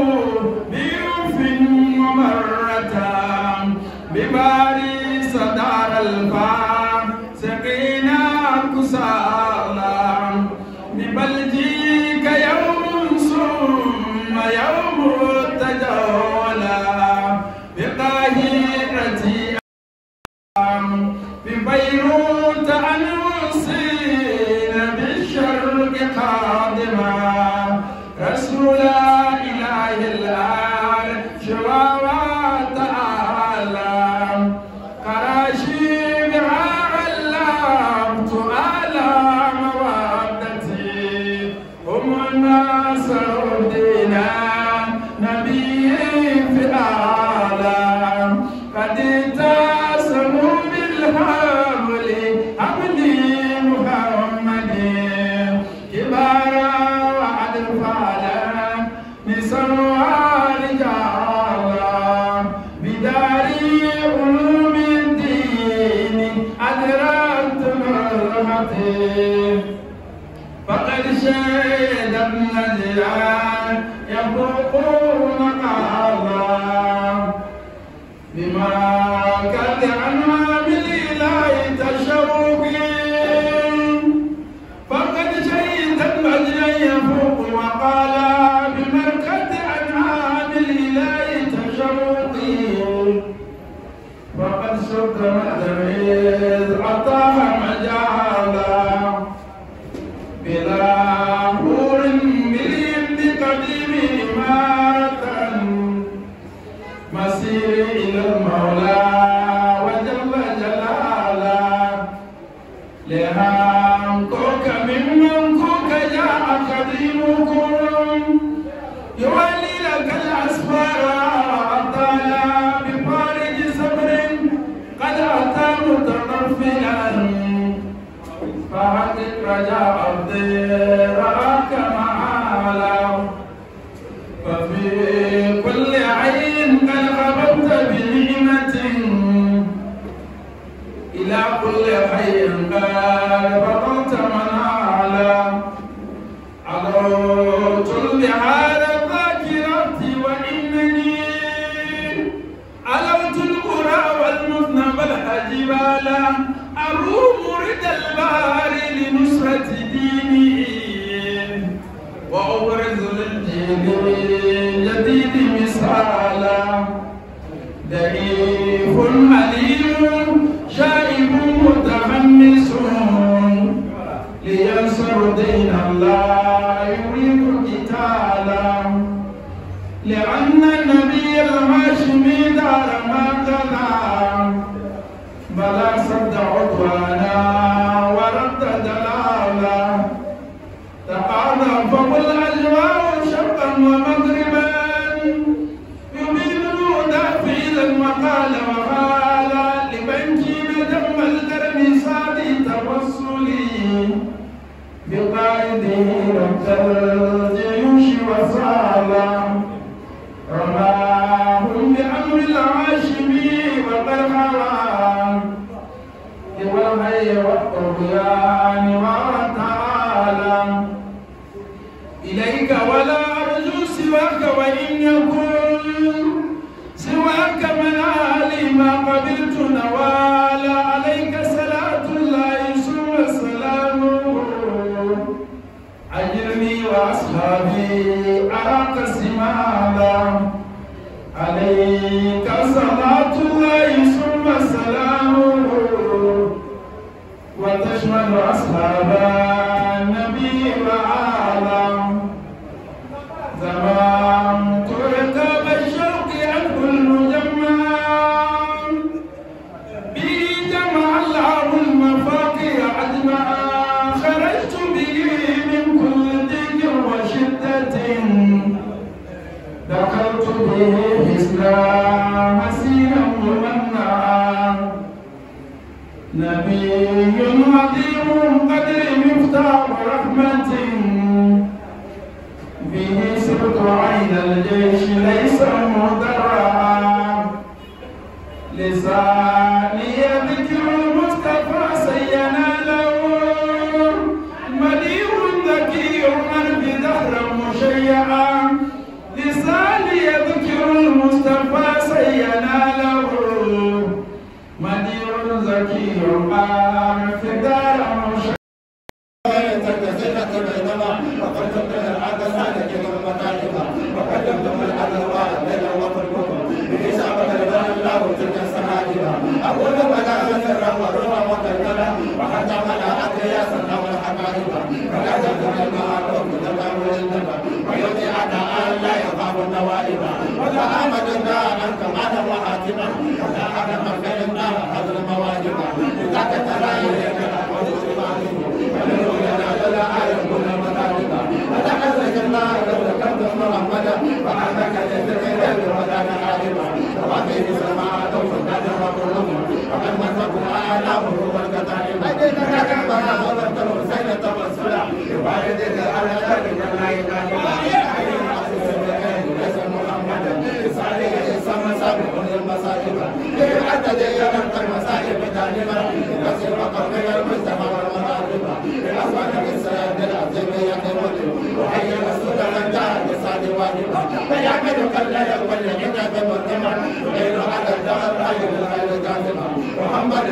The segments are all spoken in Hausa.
Senhor, meu الذي أعطى عليك صلاة الله وتشمل أصحاب النبي وعالم زمان لساني ذكرك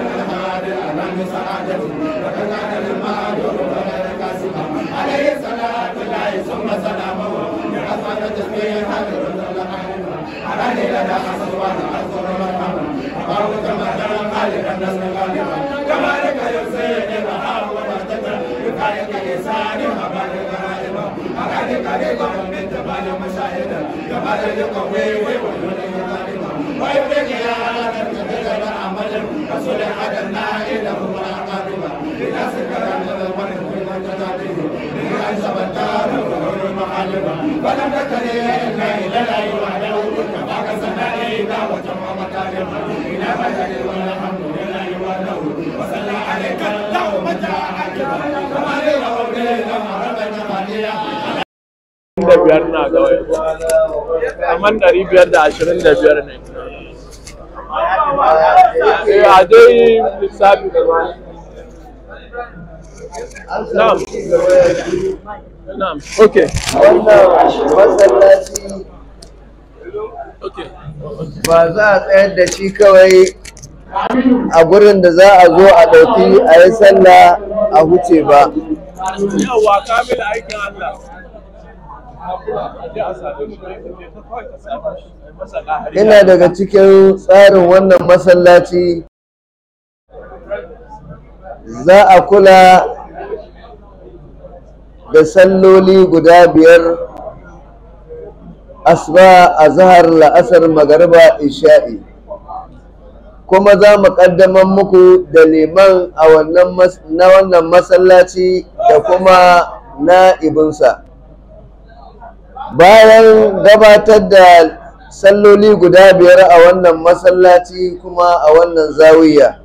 I'm gonna make you mine. وابتك يا على تبتدل عملا فصلح النائل والعقارب لنفسك رمضان المرض والمتتابه لأن سبتار وغير المحارب فلم تكن إلا إلى الأي وحده كفاك سنائك وجمع مكارم إلى مجد والحمد لله وحده وصلى عليك الله متى عجبا كما لله وبيه مربنا ماليا biyar na ga wayo amma ɗari biyar da ashirin da biyar ne Eh, na'am na'am masallaci ba za a tsayar da shi kawai a gurin da za a zo a ɗauki a yi sallah a huce ba kamil aikin Allah ina daga cikin tsarin wannan masallaci za a kula da salloli guda biyar asba a zahar la'asar magariba isha'i kuma za mu ƙaddamar muku da liman a na wannan masallaci da kuma na ibinsa bayan gabatar da salloli guda biyar a wannan masallaci kuma a wannan zawiya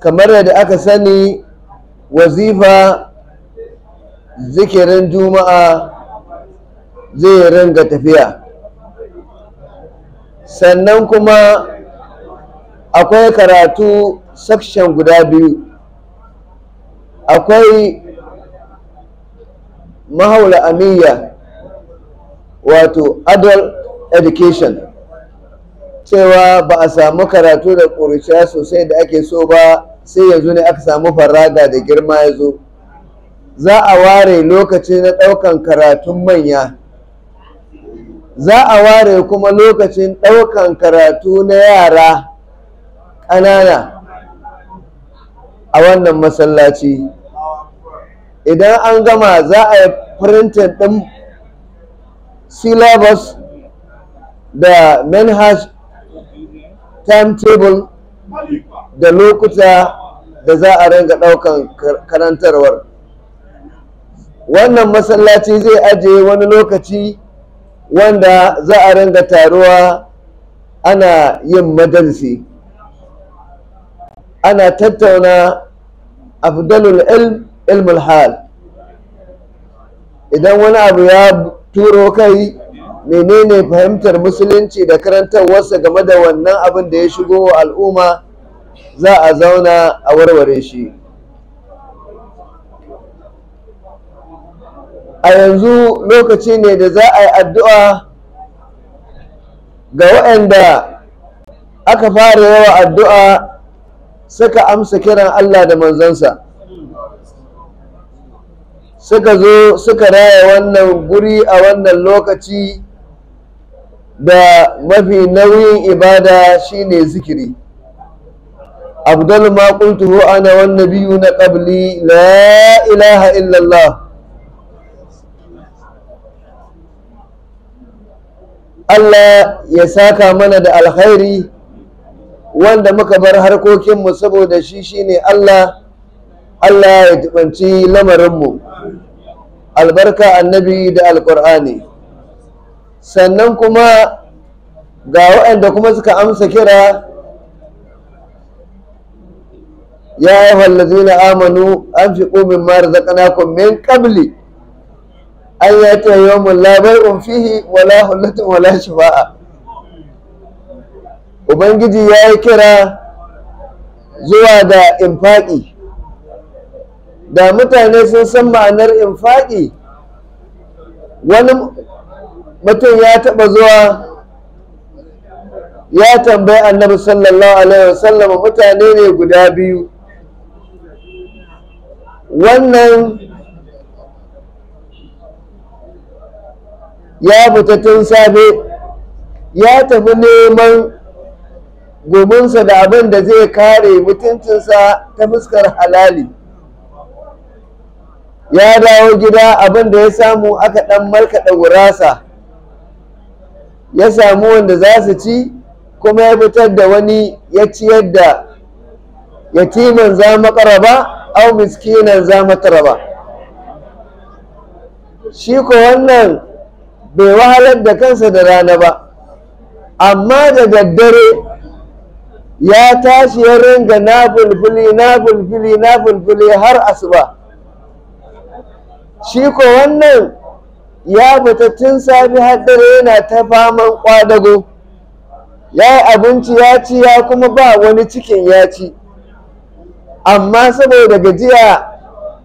kamar yadda aka sani wazifa zikirin juma'a zai ringa tafiya sannan kuma akwai karatu section guda biyu akwai mahaula amiya wato adult education cewa ba a samu karatu da ƙuruciya sosai da ake so ba sai yanzu ne aka samu farada da girma ya zo za a ware lokaci na ɗaukan karatun manya za a ware kuma lokacin ɗaukan karatu na yara ƙanana a wannan masallaci idan an gama za a yi printed ɗin syllabus da manhaj timetable da lokuta da za a ringa ɗaukan karantarwar wannan masallaci zai ajiye wani lokaci wanda za a ringa taruwa ana yin madalsi ana tattauna afdalul ilm ilmul hal idan wani abu ya turo kai menene fahimtar musulunci da karantarwarsa game da wannan abin da ya shigo wa al'umma za a zauna a warware shi a yanzu lokaci ne da za a yi addu'a ga waɗanda aka fara yawa addu'a suka amsa kiran Allah da manzansa suka zo suka raya wannan guri a wannan lokaci da mafi nauyin ibada shine zikiri abdul ma qultuhu ana wannan biyu na qabli la ilaha illallah. allah ya saka mana da alkhairi wanda muka bar harkokinmu saboda shi shine Allah Allah ya tubanci lamarinmu albarka annabi da alkur'ani sannan kuma ga waɗanda kuma suka amsa kira ya ayyuhal na amanu an fi anfiqu mimma razaqnakum min ƙabli, an yi wa yawmun la bay'un fihi wala hullatun wala shifa'a ubangiji ya yi kira zuwa in infaki da mutane sun san ma'anar faɗi, wani mutum ya taɓa zuwa ya tambayi annabi sallallahu alaihi wasallam mutane ne guda biyu wannan ya fita tun safe ya tafi neman gominsa da abin da zai kare mutuncinsa ta fuskar halali ya dawo gida abin da ya samu aka ɗan markaɗa gurasa ya samu wanda za su ci kuma ya fitar da wani ya ciyar da yatiman za ba, au miskinan za mataraba shi ko wannan bai wahalar da kansa da rana ba amma da daddare ya tashi ya ringa na bulbuli na bulbuli na bulbuli har asuba shi ko wannan ya fita tun safi haddare yana ta faman kwadago ya yi abinci ya ci ya kuma ba wani cikin ya ci amma saboda gajiya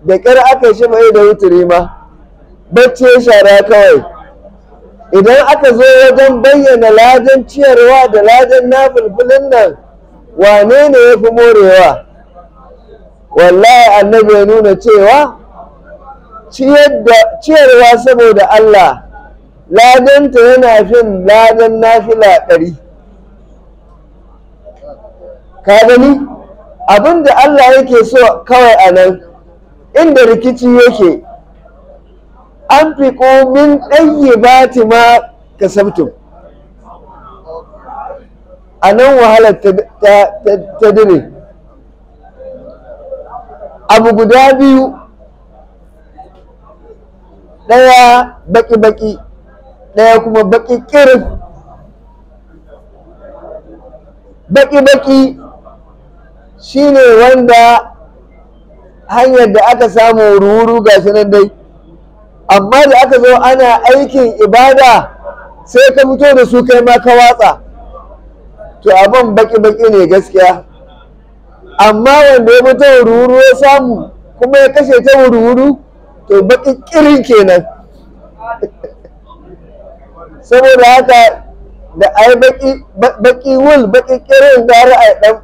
da ƙyar aka shi mai da wuturi ma bacci ya shara kawai idan aka zo wajen bayyana lajen ciyarwa da lajen na nan wane ne ya fi morewa wallahi annabi ya nuna cewa ciyarwa saboda Allah ladanta yana fin ladan nafila ɗari ka gani abinda Allah yake so kawai a nan inda rikici yake an fi min ba bati ma kasabtum a nan wahalar ta dire abu guda biyu ɗaya baki-baki ɗaya kuma baki baƙi baki-baki shine wanda hanyar da aka samu ruru ga shi nan dai amma da aka zo ana aikin ibada sai ka fito da su kai ma ka watsa to abin baki-baki ne gaskiya amma wanda ya fito ruru ya samu kuma ya kashe ta ruru to baki kirin kenan saboda haka da ai baki baki wul baki kirin har ai dan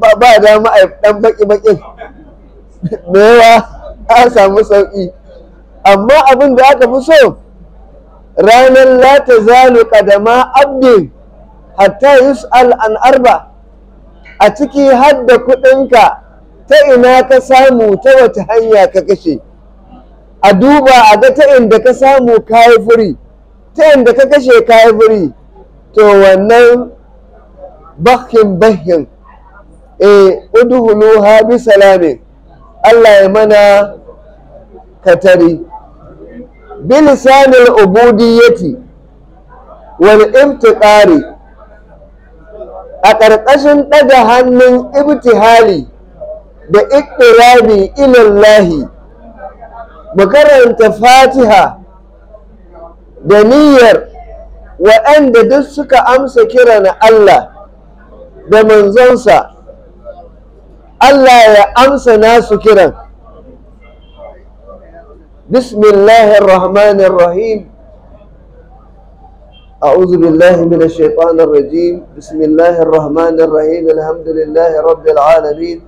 ba ba da ma ai dan baki bakin da yawa a samu sauki amma abin da aka fi so ranar la zalu Kadama, abdin hatta yus'al an arba' a ciki hadda da kuɗinka ta ina ka samu ta wata hanya ka kashe a duba a ga ta inda ka samu kayi furi ta inda ka kashe kayi furi to wannan bakin bakin e eh, udhulu ha bi salamin Allah ya mana katari bilisanil ubudiyyati wal imtiqari a ƙarƙashin ɗaga hannun ibtihali da iƙirabi ilallahi mu karanta fatiha da niyyar waɗanda duk suka amsa kira na Allah da manzonsa Allah ya amsa nasu kiran bismillahir rahmanir rahim أعوذ بالله من الشيطان الرجيم بسم الله الرحمن الرحيم الحمد لله رب العالمين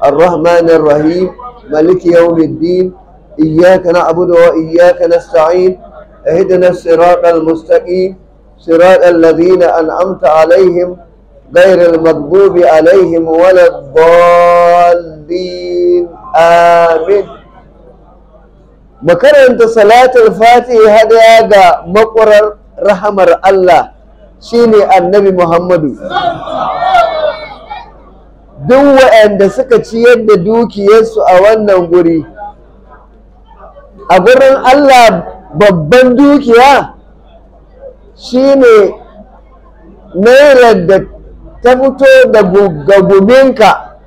الرحمن الرحيم ملك يوم الدين إياك نعبد وإياك نستعين اهدنا الصراط المستقيم صراط الذين أنعمت عليهم غير المغضوب عليهم ولا الضالين آمين makaranta salatul fatihi hadaya ga makwarar rahamar Allah shine annabi Muhammadu duk waɗanda suka ciyar da dukiyarsu a wannan guri a gurin Allah babban dukiya shine naira da ta fito da guminka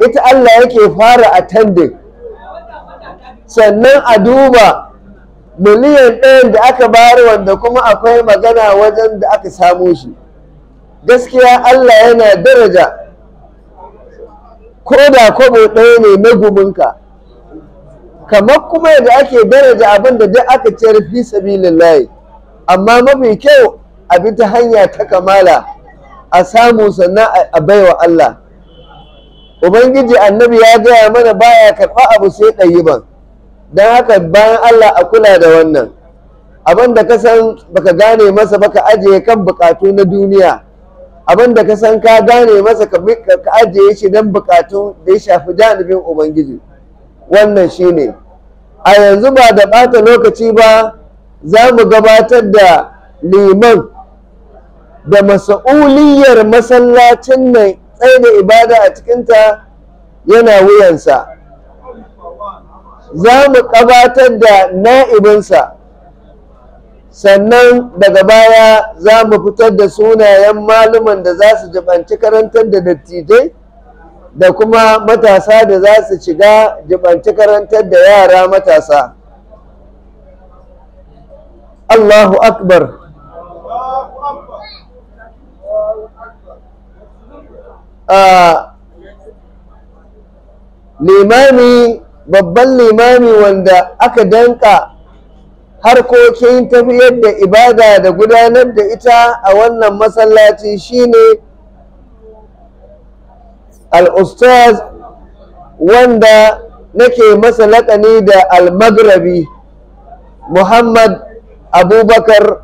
ita Allah yake fara a attending sannan a duba miliyan ɗayan da aka bayar wanda kuma akwai magana wajen da aka samo shi gaskiya Allah yana daraja ko da kwabo ɗaya ne na guminka kamar kuma yadda ake daraja abin da duk aka ciyar fi sabilillahi amma mafi kyau a bi ta hanya ta kamala a samu sannan a baiwa Allah ubangiji annabi ya gaya mana baya karɓa abu sai ban, don haka bayan Allah a kula da wannan abin da ka san baka gane masa baka ajiye kan bukatu na duniya abin da ka san ka gane masa ka ajiye shi don bukatu da ya shafi janibin ubangiji wannan shine a yanzu ba da ɓata lokaci ba za mu gabatar da liman da masa'uliyar masallacin nan tsaye da ibada a cikinta yana wuyansa za mu gabatar da na'ibinsa sannan daga baya za mu fitar da sunayen maluman da za su jibanci karantar da dattijai da kuma matasa da za su shiga jibanci karantar da yara matasa Allahu akbar limami babban limami wanda aka danka harkokin tafiyar da ibada da gudanar da ita a wannan masallaci shine ne الأستاذ وندا نكي مسلقني دا المغربي محمد أبو بكر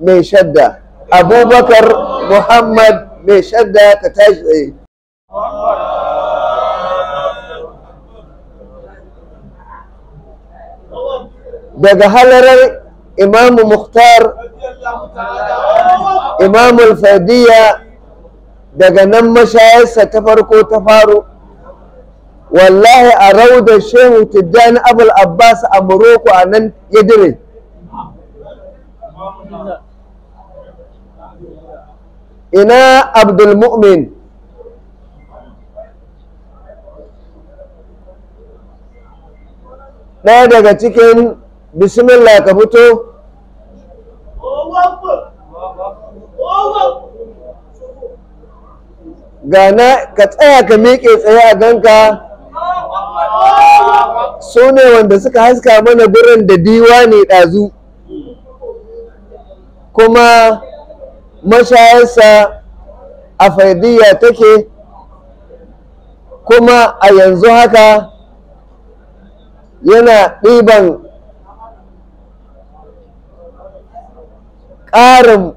ميشدة أبو بكر محمد ميشدة كتاجي daga halarar imamu إمام imamu al-fadiyya daga nan mashayarsa ta farko ta faro wallahi a rauda shehu tijjani abul abbas a morocco a nan ya dire ina mumin? Na daga cikin bismillah ka fito gana ka tsaya ka miƙe tsaye a ganka su ne wanda suka haska mana birin da diwa ne ɗazu kuma mashayarsa a faidiyya take kuma a yanzu haka yana ɗiban ƙarin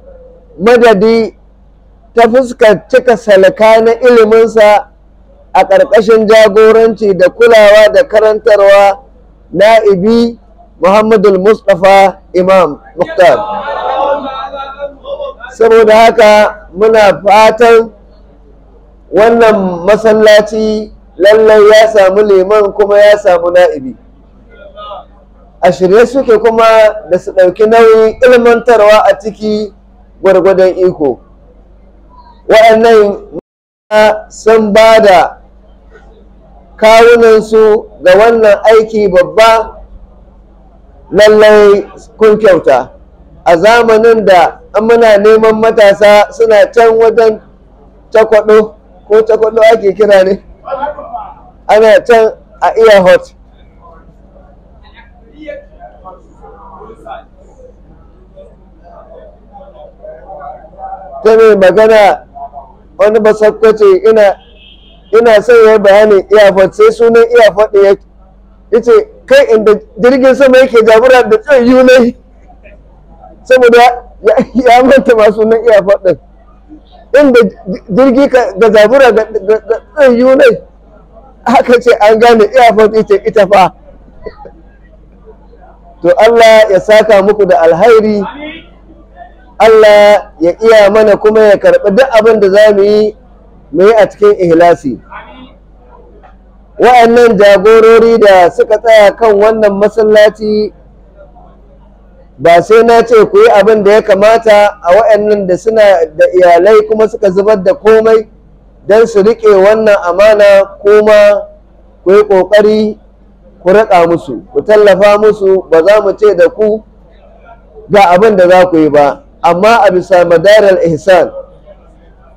madadi ta fuskar cika salaka na iliminsa a ƙarƙashin jagoranci da kulawa da karantarwa na'ibi muhammadu mustapha imam muktar saboda haka muna fatan wannan masallaci lallai ya samu liman kuma ya samu na'ibi a shirye suke kuma da su ɗauki nauyin ilmantarwa a ciki gwargwadon iko waɗannan sun ba da kawunansu ga wannan aiki babba lallai kun kyauta a zamanin da an muna neman matasa suna can wajen takwado ko takwado ake kira ne ana can a iya hot ta mai magana wani ba ce ina ina son ya bayanin iyafot sai sunan iyafot ɗin yake yace kai inda jirgin sama yake jagora da tsayu ne saboda ya manta ma sunan iyafot ɗin inda jirgi ga jagora ga tsayu ne haka ce an gane iyafot ita ita fa to Allah ya saka muku da alhairi Allah ya iya mana kuma ya karɓi duk abin da za mu yi mu yi a cikin ihlasi wa'annan jagorori da suka tsaya kan wannan masallaci ba sai na ce ku yi abin da ya kamata a wa'annan da suna da iyalai kuma suka zubar da komai don su riƙe wannan amana kuma ku yi ƙoƙari ku riƙa musu ku tallafa musu ba za mu ce da ku ga abin da za ku yi ba amma a bisa madarar ihsan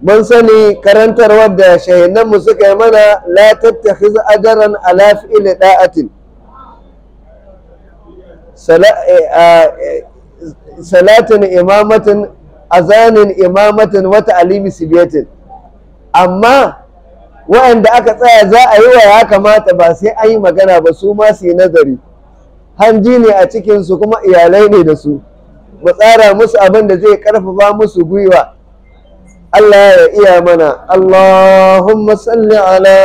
mun sani karantar wadda shahinan mu suka yi mana la tattakhiz ajran ala fi'li da'atin eh, eh, salatin imamatin azanin imamatin wata ta'limi sibiyatin amma waɗanda aka tsaya za a yi wa ya kamata ba sai an magana ba su ma su yi nazari hanji ne a cikinsu kuma iyalai ne da su mu musu abin da zai karfafa musu gwiwa Allah ya iya mana Allahumma salli ala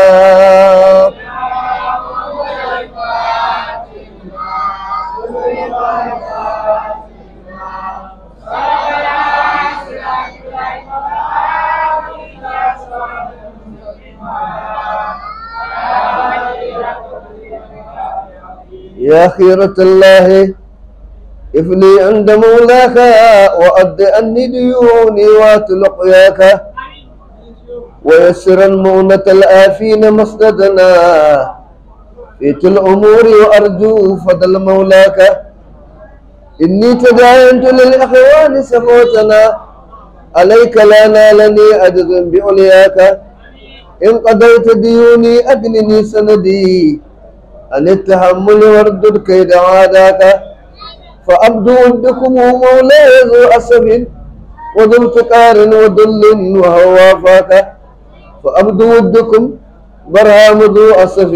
يا خيرة الله افني عند مولاك وأد أني ديوني واتلق ياك ويسر المؤنة الآفين مصددنا في الأمور وأرجو فضل مولاك إني تداينت للإخوان سفوتنا عليك لا نالني أجر بأولياك إن قضيت ديوني أدنني سندي أن التحمل وردد كيد عاداك فأبدو بكم هم ذو أسب وذو انتقار وذل وهوى فاكه فأبدو بكم برهام ذو أسف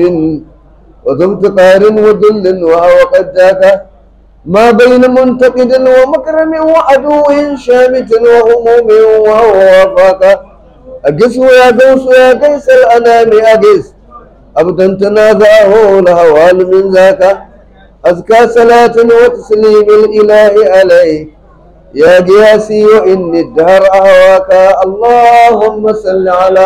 وذو انتقار وذل وهو قد جاك ما بين منتقد ومكرم وعدو شامت وهموم وهو وفاك أجس يا دوس يا قيس الأنام أجس أبدا تنازعه الهوال من ذاك أزكى صلاة وتسليم الإله عليك يا قياسي وإني الدهر أهواك اللهم صل على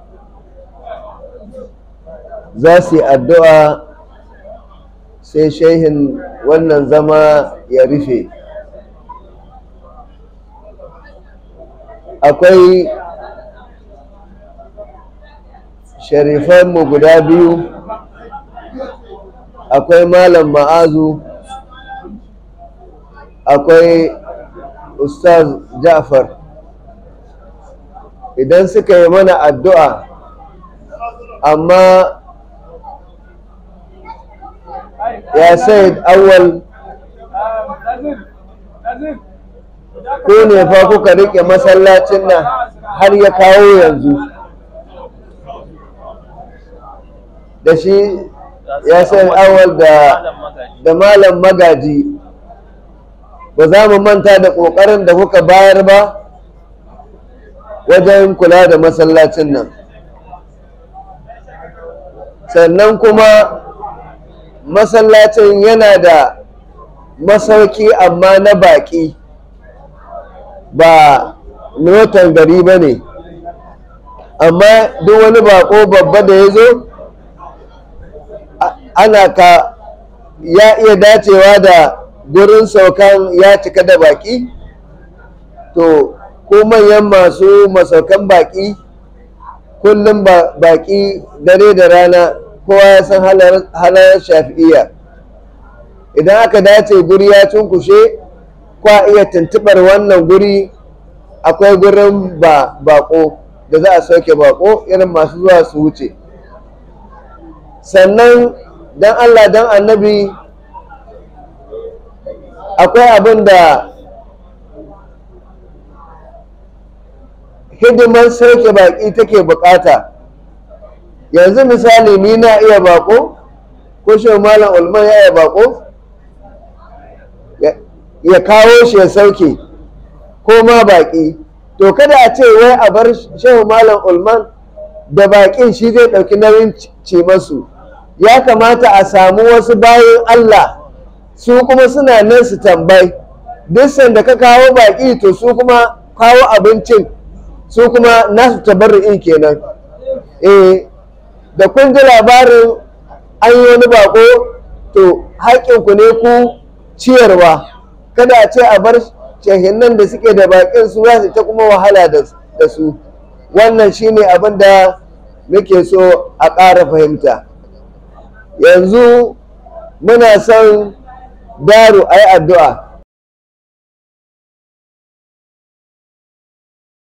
za su yi addu'a sai shehin wannan zama ya rufe akwai mu guda biyu akwai malam ma'azu akwai ustaz ja'far idan suka yi mana addu'a amma يا سيد أول ne fa kuka riƙe masallacin nan har ya kawo yanzu da shi ya san awal da malam magaji ba za mu manta da ƙoƙarin da kuka bayar ba wajen kula da masallacin nan sannan kuma masallacin yana da masauki amma na baƙi ba notan gari ba ne amma duk wani baƙo babba da ya zo ana ka ya iya dacewa da gurin saukan ya cika da baƙi to ko manyan masu masaukan baƙi kullum baƙi dare da rana kowa ya san halar shafi'iyya idan aka dace guri ya cunkushe ko a iya tuntubar wannan guri akwai gurin ba bako da za a sauke bako irin masu zuwa su wuce sannan don allah don annabi akwai abin da hidimar sauke baki take bukata yanzu misali ni na iya bako ko shi malam ulman ya iya bako ya kawo shi ya sauke ko ma baki to kada a ce wai a bar shehu malam ulman da bakin shi zai ɗauki nauyin ce masu ya kamata a samu wasu bayan allah su kuma suna nan su tambayi duk da ka kawo baki to su kuma kawo abincin su kuma nasu tabarru'in kenan eh da kun ji labarin an yi wani bako to haƙinku ne ku ciyarwa kada a ce a bar shahinnan da suke da baƙin su za su ta kuma wahala da su wannan shine abin da muke so a ƙara fahimta yanzu muna son daru a yi addu'a